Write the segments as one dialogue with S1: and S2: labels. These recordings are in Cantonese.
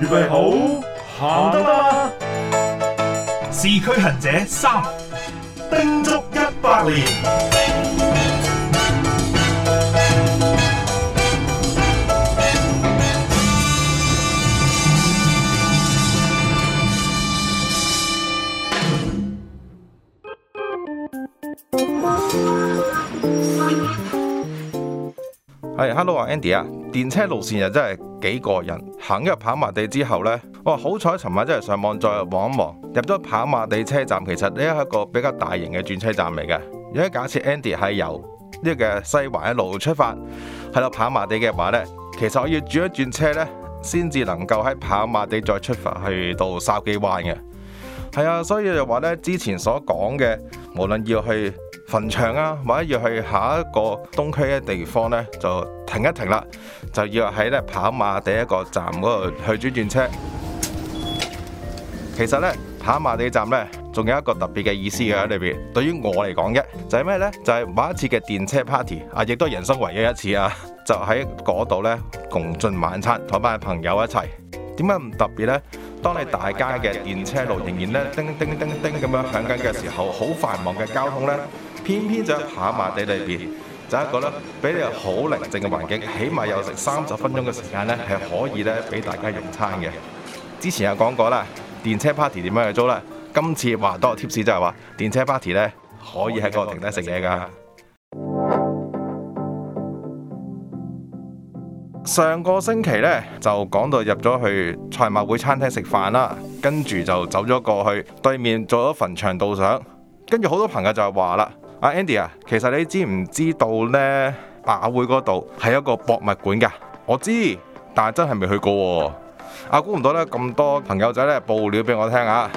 S1: 預備好行得啦嘛？市區行者三叮足一百年。係，hello 啊，Andy 啊，電車路線又真係。幾個人行入跑馬地之後呢，哇、哦！好彩，尋晚真係上網再望一望，入咗跑馬地車站，其實呢係一個比較大型嘅轉車站嚟嘅。如果假設 Andy 係由呢個西環一路出發，喺度跑馬地嘅話呢，其實我要轉一轉車呢，先至能夠喺跑馬地再出發去到筲箕灣嘅。係啊，所以就話呢，之前所講嘅，無論要去。墳場啊，或者要去下一個東區嘅地方呢，就停一停啦，就要喺咧跑馬地一個站嗰度去轉轉車。其實呢，跑馬地站呢，仲有一個特別嘅意思嘅喺裏邊。對於我嚟講嘅就係咩呢？就係某一次嘅電車 party 啊，亦都人生唯一一次啊！就喺嗰度呢，共進晚餐同班朋友一齊。點解唔特別呢？當你大街嘅電車路仍然呢，叮叮叮叮咁樣響緊嘅時候，好繁忙嘅交通呢。偏偏就喺馬地裏邊，就一個咧，俾你好寧靜嘅環境，起碼有成三十分鐘嘅時間呢係可以咧俾大家用餐嘅。之前有講過啦，電車 party 點樣去租咧？今次話多 t i p 就係話電車 party 咧，可以喺嗰度停低食嘢噶。 上個星期呢就講到入咗去菜茂會餐廳食飯啦，跟住就走咗過去對面做咗墳場道上。跟住好多朋友就係話啦。阿 Andy 啊，其實你知唔知道呢？白亞會嗰度係一個博物館噶，我知道，但係真係未去過喎、哦。估、啊、唔到呢咁多朋友仔呢，爆料俾我聽啊！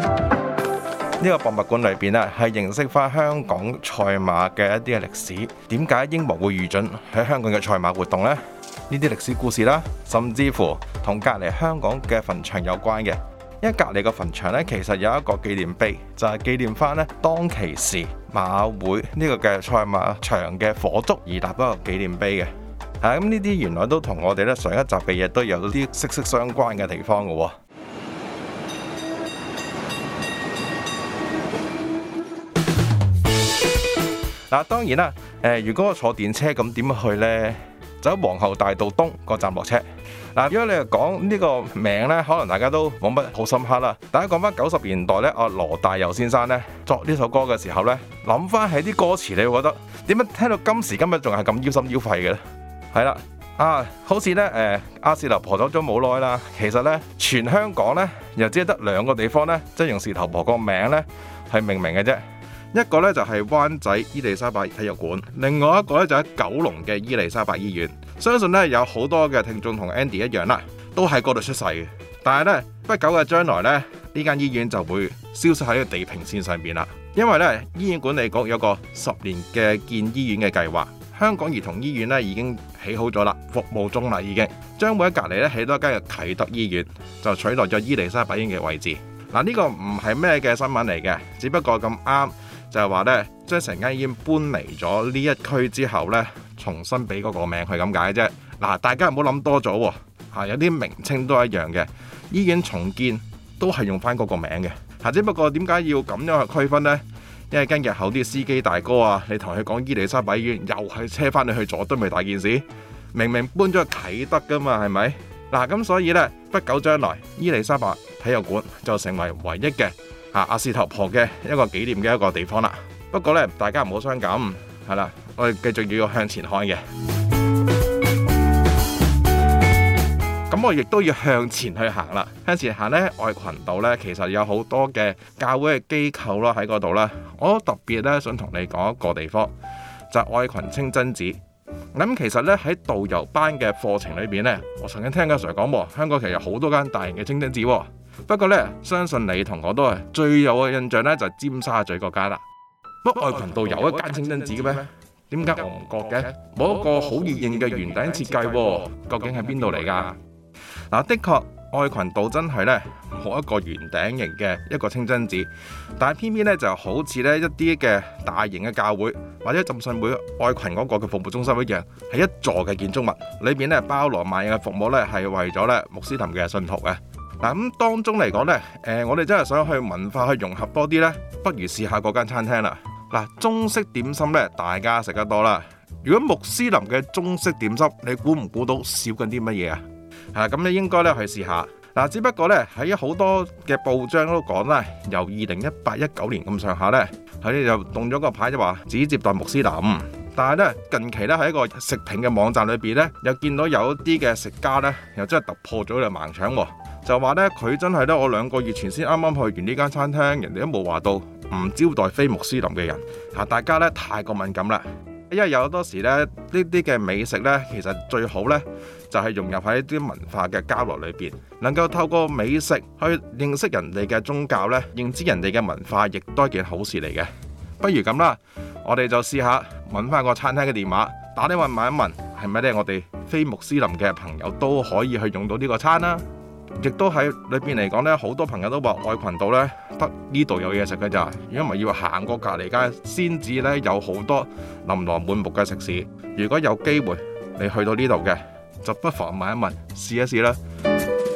S1: 呢、這個博物館裏邊咧係認識翻香港賽馬嘅一啲嘅歷史。點解英皇會御准喺香港嘅賽馬活動呢？呢啲歷史故事啦，甚至乎同隔離香港嘅墳場有關嘅。因為隔籬個墳場咧，其實有一個紀念碑，就係、是、紀念翻咧當其時馬會呢、這個嘅賽馬場嘅火燭而立嗰個紀念碑嘅。啊，咁呢啲原來都同我哋咧上一集嘅嘢都有啲息息相關嘅地方噶。嗱、啊，當然啦，誒、呃，如果我坐電車咁點去呢？就喺皇后大道東個站落車。嗱，如果你係講呢個名呢，可能大家都冇乜好深刻啦。大家講翻九十年代呢，阿、啊、羅大佑先生呢，作呢首歌嘅時候呢，諗翻起啲歌詞，你會覺得點解聽到今時今日仲係咁腰心腰肺嘅咧？係啦，啊，好似呢，誒、呃，阿士頭婆走咗冇耐啦。其實呢，全香港呢，又只係得兩個地方呢，即係用士頭婆個名字呢，係命名嘅啫。一個咧就係灣仔伊麗莎白體育館，另外一個咧就喺九龍嘅伊麗莎白醫院。相信咧有好多嘅聽眾同 Andy 一樣啦，都喺嗰度出世嘅。但係咧不久嘅將來咧，呢間醫院就會消失喺個地平線上邊啦。因為咧醫院管理局有個十年嘅建醫院嘅計劃，香港兒童醫院咧已經起好咗啦，服務中啦已經。將會喺隔籬咧起多一間嘅啟德醫院，就取代咗伊麗莎白醫院嘅位置。嗱、這、呢個唔係咩嘅新聞嚟嘅，只不過咁啱。就係話呢，將成間醫院搬嚟咗呢一區之後呢，重新俾嗰個名，係咁解啫。嗱，大家唔好諗多咗喎。有啲名稱都一樣嘅，醫院重建都係用翻嗰個名嘅。嚇，只不過點解要咁樣去區分呢？因為跟日後啲司機大哥啊，你同佢講伊麗莎白醫院，又係車翻你去佐敦咪大件事？明明搬咗去啟德噶嘛，係咪？嗱，咁所以呢，不久將來伊麗莎白體育館就成為唯一嘅。啊！阿四頭婆嘅一個紀念嘅一個地方啦。不過咧，大家唔好傷感，係啦，我哋繼續要向前看嘅。咁、嗯、我亦都要向前去行啦。向前行咧，愛群道咧，其實有好多嘅教會嘅機構咯喺嗰度啦。我都特別咧想同你講一個地方，就是、愛群清真寺。咁、嗯、其實咧喺導遊班嘅課程裏邊咧，我曾經聽阿 Sir 講喎，香港其實有好多間大型嘅清真寺喎、啊。不過咧，相信你同我都最有嘅印象咧，就係尖沙咀嗰間啦。不，愛群道有一間清真寺嘅咩？點解我唔覺嘅？冇一個好熱應嘅圓頂設計，究竟係邊度嚟噶？嗱，啊，的確，愛群道真係咧，冇一個圓頂型嘅一個清真寺，但係偏偏咧就好似咧一啲嘅大型嘅教會或者浸信會愛群嗰個嘅服務中心一樣，係一座嘅建築物，裏邊咧包羅萬嘅服務咧，係為咗咧穆斯林嘅信徒嘅。嗱，咁當中嚟講呢，誒，我哋真係想去文化去融合多啲呢，不如試下嗰間餐廳啦。嗱，中式點心咧，大家食得多啦。如果穆斯林嘅中式點心，你估唔估到少緊啲乜嘢啊？嚇，咁你應該咧去試下。嗱，只不過呢，喺好多嘅報章都講呢，由二零一八一九年咁上下呢，佢咧就動咗個牌就話只接待穆斯林，但係呢，近期呢，喺一個食評嘅網站裏邊呢，又見到有啲嘅食家呢，又真係突破咗嚟盲腸喎。就話呢，佢真係咧。我兩個月前先啱啱去完呢間餐廳，人哋都冇話到唔招待非穆斯林嘅人嚇。大家呢，太過敏感啦，因為有好多時咧呢啲嘅美食呢，其實最好呢就係融入喺啲文化嘅交流裏邊，能夠透過美食去認識人哋嘅宗教呢，認知人哋嘅文化，亦都係一件好事嚟嘅。不如咁啦，我哋就試下揾翻個餐廳嘅電話，打電話問一問，係咪呢？我哋非穆斯林嘅朋友都可以去用到呢個餐啦。亦都喺裏邊嚟講呢，好多朋友都話愛群道呢，得呢度有嘢食嘅咋。如果唔係要行過隔離街先至呢，有好多琳琅滿目嘅食肆。如果有機會你去到呢度嘅，就不妨問一問、試一試啦。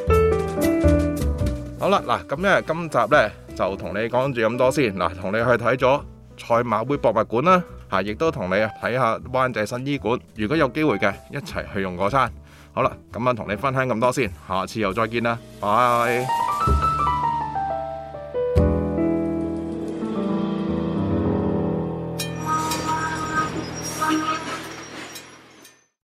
S1: 嗯、好啦，嗱咁，呢，今集呢就同你講住咁多先。嗱，同你去睇咗賽馬會博物館啦，嚇，亦都同你睇下灣仔新醫館。如果有機會嘅，一齊去用個餐。好啦，今晚同你分享咁多先，下次又再見啦，拜。